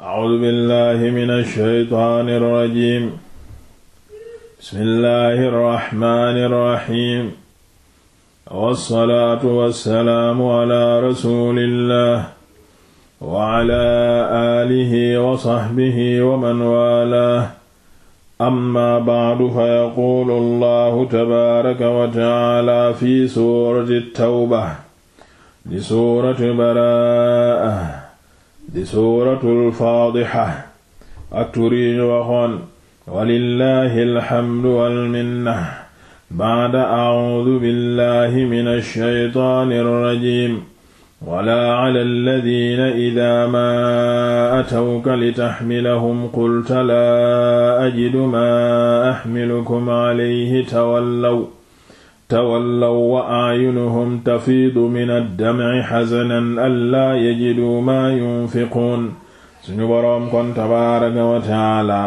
A'uuzu billaahi mina shaytaani rajiim. Bismillaahi rahmaani rahiim. Wassalaatu wassalaamu alaa rasuulillaah wa alaa aalihi wa sahbihi wa man waalaah. Ammaa ba'du fayaquulu Allaahu tabaaraka wa ta'aalaa fi suurati Tawba, li suurati Baraa'a. di suuratul faadixa ak turi ñu waxoon walillahi alhamdu walminna baada acuudu billahi min alshaytaani alrajim wala cala alladina ida maa atawka litaxmilahum qulta laa ajidu maa axmilukum calayhi tawallaw tawallaw wa aayunuhum tafiidu min addam'i xasanan allaa yajiduu maa yunfiquun suñu boroom kon tabaaraka wa taala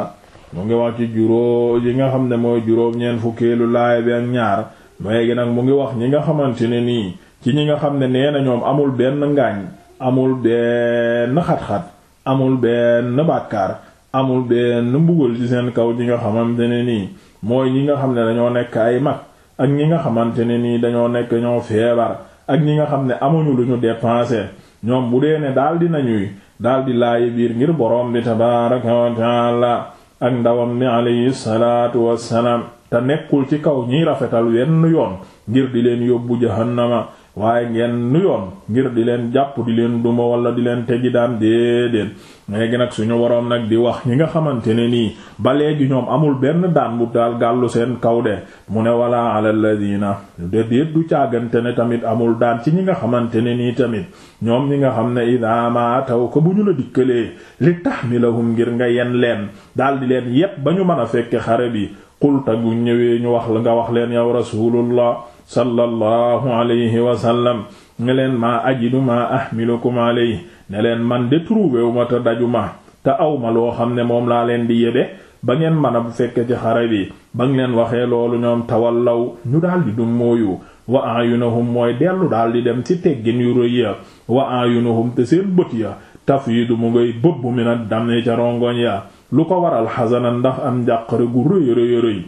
mu ngi wax ci juróo yi nga xam ne mooy juróom ñeent fukkeelu bi ak ñaar léegi nag mu ngi wax ñi nga xamante ne nii ci ñi nga xam ne nee na ñoom amul benn ngaañ amul benn xat-xat amul benn bàkkaar amul benn mbugal ci seen kaw ñi nga xamante ne nii mooy ñi nga xam ne dañoo nekk ay mag ak ñi nga xamante ne nii dañoo nekk ñoo feebar ak ñi nga xam ne amuñu lu ñu dépenser ñoom bu dee ne daal di nañuy daal di laayi biir ngir boroom bi tabaaraka wa taala ak ndawam bi alayhi salaatu wassalaam te nekkul ci kaw ñiy rafetal wenn yoon ngir di leen yóbbu jahannama waaye ngeen nuyoon ngir di leen jàpp di leen duma wala di leen tegi daan déedéet léegi nag suñu waroon nag di wax ñi nga xamante ne nii ba léegi ñoom amul benn daan bu daal gàllu seen kaw de mu ne wala ala ladina déedéet du càggante ne tamit amul daan ci ñi nga xamante ne nii tamit ñoom ñi nga xam ne idha ma taw ko bu ñu la dikkalee li tahmilahum ngir nga yen leen daal di leen yépp ba ñu mën a fekke xare bi xulta gu ñëwee ñu wax la nga wax leen yow rasulullah sallallahu alayhi wa sallam ne leen maa ajidu maa ahmilukum alayhi ne leen man de trouvé wu ma te daju ma te aw ma loo xam ne moom laa leen di yebe ba ngeen mën bu fekkee ci xare bi ba ngeen leen waxee loolu ñoom tawallaw ñu daal di dum mooyu wa ayunuhum mooy dellu daal di dem ci teggin yu rëy ya wa ayunuhum te seen bët ya tafiidu mu ngay bëbb mi na dam ca rongoñ ya lu ko waral xasanan ndax am njàqare gu rëy rëy rëy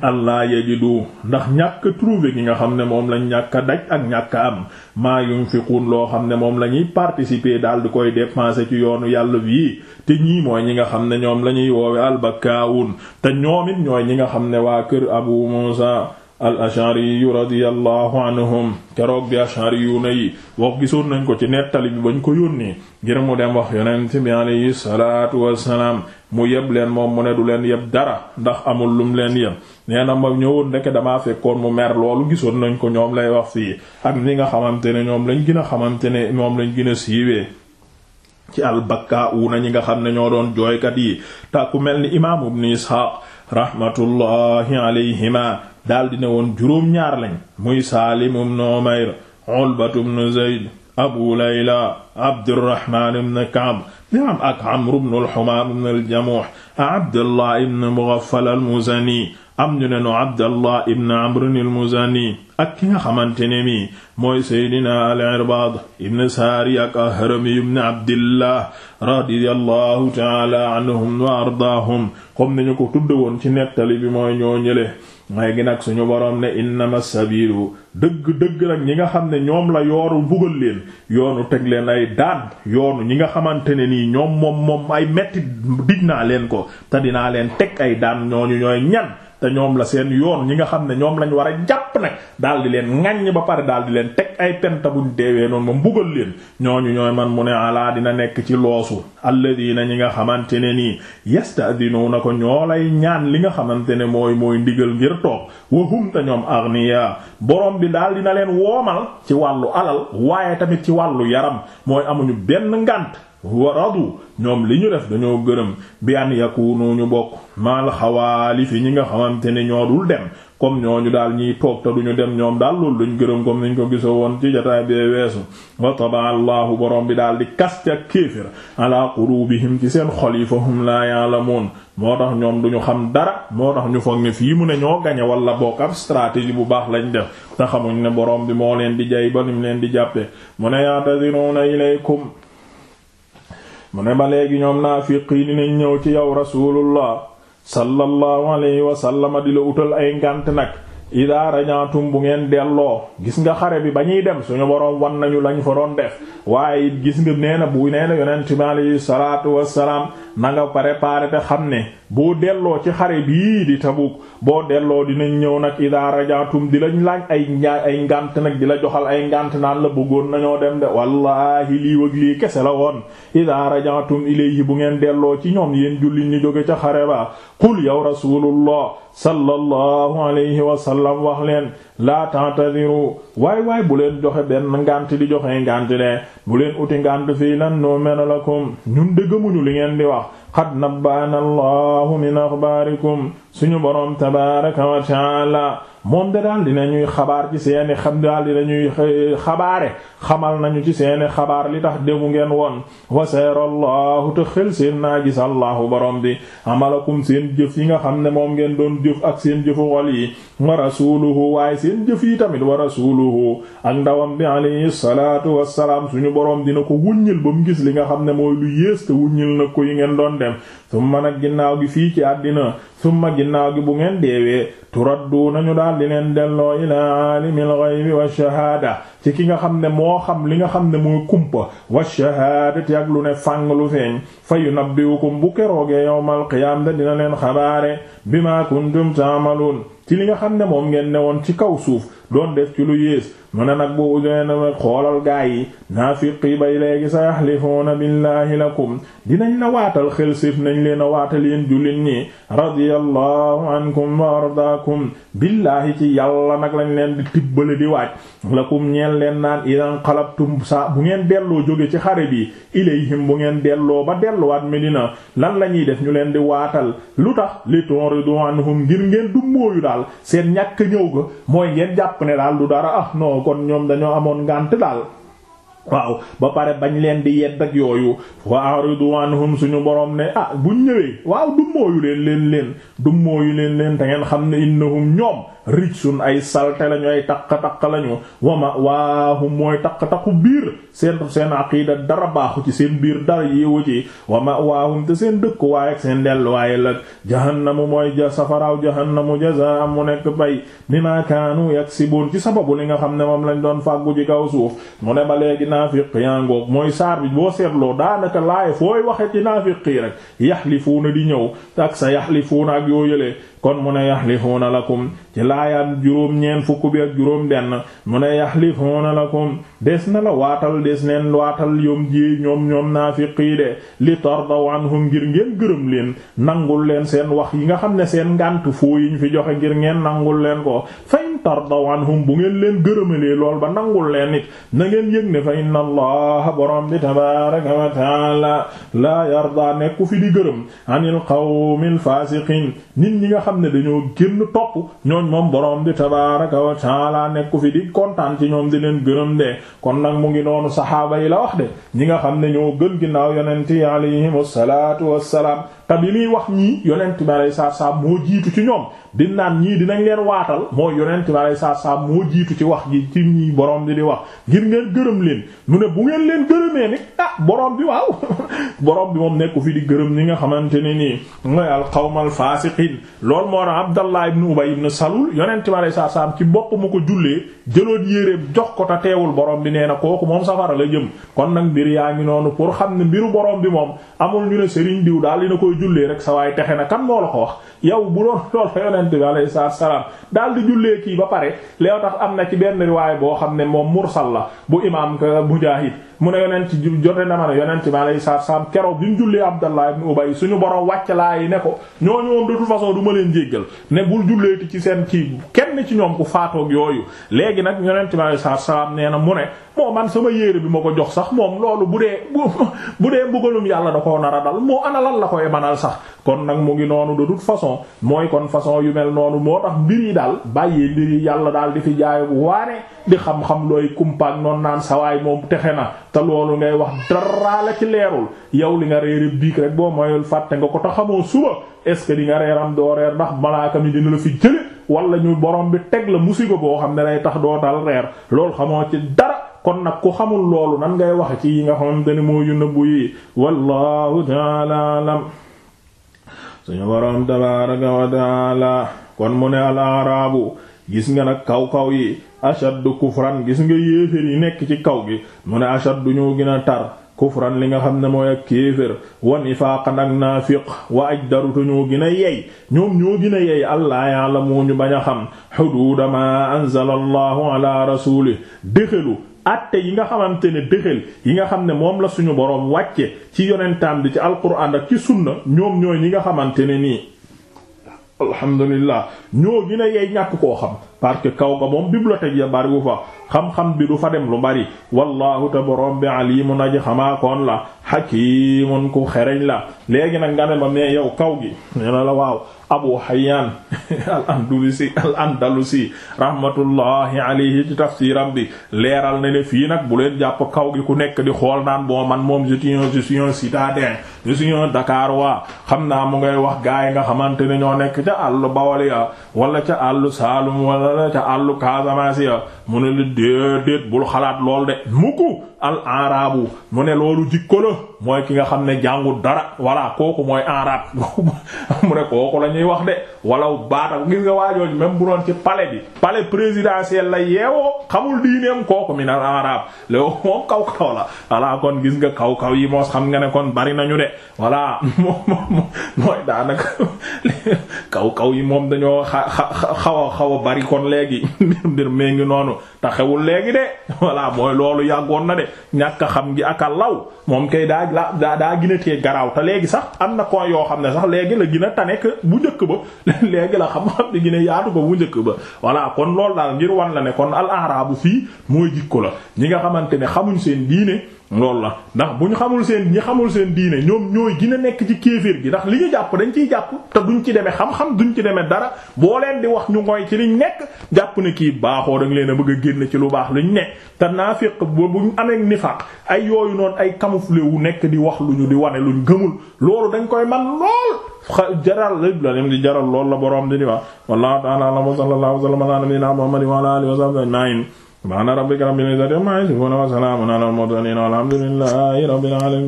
allah yajidu ndax ñàkk a trouver gi nga xam ne moom lañ ñàkk a daj ak ñàkk a am maa yunfiqun loo xam ne moom la ñuy participer daal di koy dépenser ci yoonu yàlla bii te ñii mooy ñi nga xam ne ñoom la ñuy woowe albakkaawun te ñoom ñooy ñi nga xam ne waa kër abu musa al ashariyu radiyallahu anhum keroog bi ashariyu na yi wax gisoon nañ ko ci nettali bi bañ ko yónnee ngir mu dem wax yonent bi alayhi salaatu wassalaam mu yeb leen moom mu ne du leen yeb dara ndax amul lum leen yeb nee na ma ñëwoon ndeke damaa fekkoon mu mer loolu gisoon nañ ko ñoom lay wax fii ak ni nga xamante ne ñoom lañ gën a xamante ne moom lañ gën a siiwee ci albakka uuna ñi nga xam ne ñoo doon jooykat yi ta ku mel ni imaam ibn Ishaq rahmatullahi alayhima daal di ne woon juróom-ñaar lañ muy Saalim ibn Umayr Ulbatu ibn Zayd Abu Layla Abdurrahman ibn Ka'b am ak Amr ibn al-Humaam ibn al-Jamuh Abdallah ibn Mughaffal al-Muzani am ñu ne nu Abdallah ibn Amr al-Muzani ak ki nga xamante ne mi mooy Seydina al-Irbaad ibn Saari ak Ahrami ibn Abdillah radiyallahu ta'ala anhum wa ardaahum comme ni ñu ko tudde woon ci nettali bi mooy ñoo ñële mooy gi nag suñu boroom ne innama sabilu dëgg dëgg nag ñi nga xam ne ñoom la yooru mbugal leen yoonu teg leen ay daan yoonu ñi nga xamante ne nii ñoom moom moom ay metti dig naa leen ko te dinaa leen teg ay daan ñooñu ñooy ñan te ñoom la seen yoon ñi nga xam ne ñoom lañ war a jàpp nag daal di leen ŋaññ ba pare daal leen teg ay penta buñ deewee noonu ma mbugal leen ñooñu ñooy man mu ne alaa dina nekk ci loosu alladina ñi nga xamante ne nii na ko ñoo lay ñaan li nga xamante ne mooy mooy ndigal ngir toog wahum te ñoom aghniya borom bi daal na leen woomal ci wàllu alal waaye tamit ci wàllu yaram mooy amuñu benn ngànt huwa radu ñoom li ñu def dañoo gërëm bi an yakunu ñu bokk maal xawaali fi ñi nga xamante ne ñoo dul dem comme ñooñu daal ñiy toog te duñu dem ñoom daal loolu luñ gërëm comme niñ ko gisoo woon ci jotaay bee weesu wa taba allahu borom bi daal di kas ca kéefér ala qulubihim ci seen xol yi fa hum laa moon moo tax ñoom duñu xam dara moo tax ñu foog ne fii mu ne ñoo gañe wala bokk ab stratégie bu baax lañ def te xamuñ ne borom bi moo leen di jay ba leen di jàppe mu ne ba léegi ñoom naafiqi dinañ ñëw ci yow rasulullah sallallahu alayhi wa sallama di la utal ay ngànt nag idaa rajatum bu ngeen delloo gis nga xare bi ba ñuy dem suñu boroom wan nañu lañ fa doon def waaye it gis nga nee na bu nee na yonent bi alayhi salaatu wassalaam na nga préparé te xam ne boo delloo ci xare bii di Tabuk boo delloo dinañ ñëw nag idaa rajaatum di lañ laaj ay njaay ay ngant nag di la joxal ay ngànt naan la bëggoon nañoo dem de wallaahi lii wëg lii kese la woon idaa rajatum ilayhi bu ngeen delloo ci ñoom yéen julli ñu jóge ca xare ba qul yow rasulullah sallallahu alayhi wa sallam wax leen la ta'tadiru waay waay bu leen joxe benn ngànt di joxe ngànt de bu leen uti ngànt fii lan noo mena lakum ñun mënu li ngeen di wax xad nabbaana allahu min axbaarikum suñu boroom tabaaraka wa taala moom de daal dina ñuy xabaar ci seeni xam daal dina ñuy eh, xabaare xamal nañu ci seeni xabaar li tax déggu ngeen woon waseer allahu te xel seen naa gis allahu borom bi amalakum seen jëf yi nga xam ne moom ngeen doon jëf ak seen jëfu xol yi wa rasuluhu waaye seen jëf yi tamit wa rasuluhu ak ndawam bi alayhi salaatu wassalaam suñu boroom dina ko wuññil ba mu gis li nga xam ne mooy lu yées te wuññil na ko yi ngeen doon dem summa nag ginnaaw gi fii ci àddina summa ginnaaw gi bu ngeen deewee turaddu nañu daal di leen delloo ilaa aalimil ghaybi wa shahaada ci ki nga xam ne moo xam li nga xam ne muy kumpa wa shahaadati ak lu ne fàng lu feeñ fa yunabbi'ukum bu keroogee yawmal qiyaam da dina leen xabaare bimaa kuntum ta'maluun ci li nga xam ne moom ngeen newoon ci kaw suuf doon def ci lu yées mu ne nag bu Uyayna ma xoolal gaa yi naafiq yi bay léegi sa yaxlifuuna billaahi lakum dinañ na waatal xel séef nañ leen a waatal yéen jullit ñi radiyallahu ankum wa ardaakum billaahi ci yàlla nag lañ leen di tibbale di waaj lakum ñeen leen naan idan xalabtum sa bu ngeen delloo jóge ci xare bi ilayhim bu ngeen delloo ba delluwaat Medina lan la ñuy def ñu leen di waatal lu tax li turidu anhum ngir ngeen du daal seen ñàkk ñëw ga mooy ngeen ne daal du dara ah, kon ñoom dañoo amoon ngànt daal waaw ba pare bañ leen di yedd ak yooyu wa aridu anhum suñu borom ne ah buñ ñëwee waaw du mooyu leen leen leen du mooyu leen leen te ngeen xam ne innahum ñoom rijsun ay salte lañu ay taq-taq lañu wama waahum mooy taq-taqu biir seen seen aqida dara baaxu ci seen biir dara yéewu ci wama waahum te seen dëkk waaye ak seen dellu waaye la jahannamu mooy ja safaraaw jahannamu jazaa mu nekk bay bima kaanu yaksibuun ci sababu li nga xam ne moom lañ doon fàggu ci kaw mu naafiq yaa ngoog mooy saar bi boo seetloo daanaka laay fooy waxe ci naafiq yi rek yaxlifuuna di ñëw ak sa yaxlifuuna ak yoo yëlee kon mu ne yaxlifuuna lakum ci laayaan juróom-ñeen fukk bi ak juróom-benn mu ne yaxlifuuna lakum des ne la waatal des neen waatal yom ji ñoom ñoom naafiqii de li tardaw anhum ngir ngeen gërëm leen nangul leen seen wax yi nga xam ne seen ngànt foo yiñ fi joxe ngir ngeen nangul leen ko fa in tardaw anhum bu ngeen leen gërëmalee lool ba nangul leen nit na ngeen yëg ne fa inna allaha borom bi tabaraka wa taala laa yarda nekku fi di gërëm anil qawmil fasiqin nit ñi xam ne dañoo génn topp ñooñ moom borom bi tabaaraka wa laa nekku fi di kontaan ci ñoom di leen gërëm de kon nag mu ngi noonu saxaaba yi la wax de ñi nga xam ne ñoo gën ginnaaw yonent yi alayhimu salaatu wassalaam te bi muy wax ñii yonent bi alayhi salaatu salaam moo jiitu ci ñoom di naan ñii dinañ leen waatal moo yonent bi alayhi salaatu moo jiitu ci wax ji ci ñii borom bi di wax ngir ngeen gërëm leen mu ne bu ngeen leen gërëmee ni ah borom bi waaw borom bi moom nekku fi di gërëm ñi nga xamante ne nii mooy al qawmal faasiqiin lool moo tax Abdallah ibn Ubay ibn Salul yonent bi alayhi salaatu salaam ci bopp mu ko jullee jëloon yéreem jox ko te teewul borom bi nee na kooku moom safara la jëm kon nag mbir yaa ngi noonu xam ne mbiru borom bi moom koy jullee rek sa waay texe na kan moo la ko wax yow bu doon lool fa yonent bi alayhi salaam daal di jullee kii ba pare léew tax am na ci benn riwaay boo xam ne moom mursal la bu imaam Mujaahid mu ne yonent ci jote na ma ne yonent bi alayhi salaatu salaam keroog bi mu jullee Abdallah ibn Ubay suñu borom wàcc laa yi ne ko ñooñu moom de toute façon du ma leen jéggal ne bul julleeti ci seen kii kenn ci ñoom ku faatoog yooyu léegi nag yonent bi alayhi salaatu salaam nee na mu ne moo man sama yéere bi ma ko jox sax moom loolu bu dee bu dee mbugalum yàlla da koo nar a dal moo ana lan la koy manal sax kon nag mu ngi noonu de toute façon mooy kon façon yu mel noonu moo tax mbir daal bàyyi mbir yàlla daal di fi jaay bu waane di xam looy kumpaak noonu naan sawaay moom texe na te loolu ngay wax dara ci leerul yow li nga reere biig rek boo moyul fàtte nga ko te xamoo suba est ce que di nga reeram doo reer ndax malaaka mi dina la ñu borom bi teg la musiba boo xam ne day tax doo dal reer loolu ci dara kon nag ku xamul loolu nan ngay wax ci yi nga xamante ne moo yu nëbbu yi wallahu taala alam suñu borom tabaraka wa taala kon mu ne al arabu gis nga nag kaw kaw yi ashaddu kufran gis nga yéeféer yi nekk ci kaw gi mu ne ashaddu ñoo gën tar kufran li nga xam ne mooy ak kéefér wa nifaaqan ak naafiq wa ajdarutu ñoo gën a yey ñoom ñoo gën a yey allah yàlla moo ñu bañ a xam xuduuda ma anzala allahu ala rasulih yi nga xamante ne déxel yi nga xam ne moom la suñu boroom wàcce ci yonentam bi ci alquran ak ci sunna ñoom ñooy ñi nga xamante ne nii alhamdulillah ñoo gën yey ñàkk koo xam parce que kaw ga moom bibliothèque ya bari wu fa xam-xam bi du fa dem lu bari wallahu te borom bi alimun aji xamaa koon la hakimun ku xereñ la léegi nag nga ne ma mais yow kaw gi nee na la waaw abu hayyan al andalusi al andalusi rahmatullahi alayhi ci tafsiram bi leeral na ne fii nag bu leen jàpp kaw gi ku nekk di xool naan boo man moom je suis un je suis un xam naa mu ngay wax gaay nga xamante ne ñoo nekk ca àllu bawol ya wala ca te àllu Casamance ya mu ne la déedéet bul xalaat lool de mukku al arabu mu ne loolu jikko la mooy ki nga xam ne jàngu dara voilà kooku mooy arab mu ne kooku la ñuy wax de walaw baata gis nga waajooj même bu doon ci pale bi pale présidentiel la yeewoo xamul diineem kooku mi na arab loolu moom kaw kaw la voilà kon gis nga kaw kaw yi moos xam nga ne kon bari nañu de voilà mooy daanaka kaw kaw yi moom dañoo xa xa xaw xaw bari kon léegi mbir mbir mee ngi noonu noonu te xewul léegi de voilà mooy loolu yàggoon na de ñàkk a xam gi ak a law moom kay daa daa daa gën a tee garaaw te léegi sax am na ko yoo xam ne sax léegi la gina a tane bu njëkk ba léegi la xam-xam ne gën a yaatu ba bu njëkk ba voilà kon loolu daal ngir wan la ne kon al arabu fii mooy jikko la ñi nga xamante ne xamuñ seen diine loolu la ndax bu ñu xamul seen ñi xamul seen diine ñoom ñooy gën a nekk ci kéeféer gi ndax li ñu jàpp dañ ciy jàpp te duñ ci demee xam-xam duñ ci demee dara boo leen di wax ñu ngoy ci liñ nekk jàpp ne kii baaxoo da leen a bëgg a génn ci lu baax luñ ne te naafiq buñ amee nifaq ay yooyu noonu ay camouflé wu nekk di wax lu ñu di wane luñ gëmul loolu dañ koy man lool xa jaral la dem jaral loolu la borom di di wax wallahu ta'ala wa sallallahu wa sallama ala nabiyyina muhammadin subhaana rabbika rabbil izzati ammaa yasifuun wa salaamun alal mursaliin walhamdulillaahi rabbil aalamiin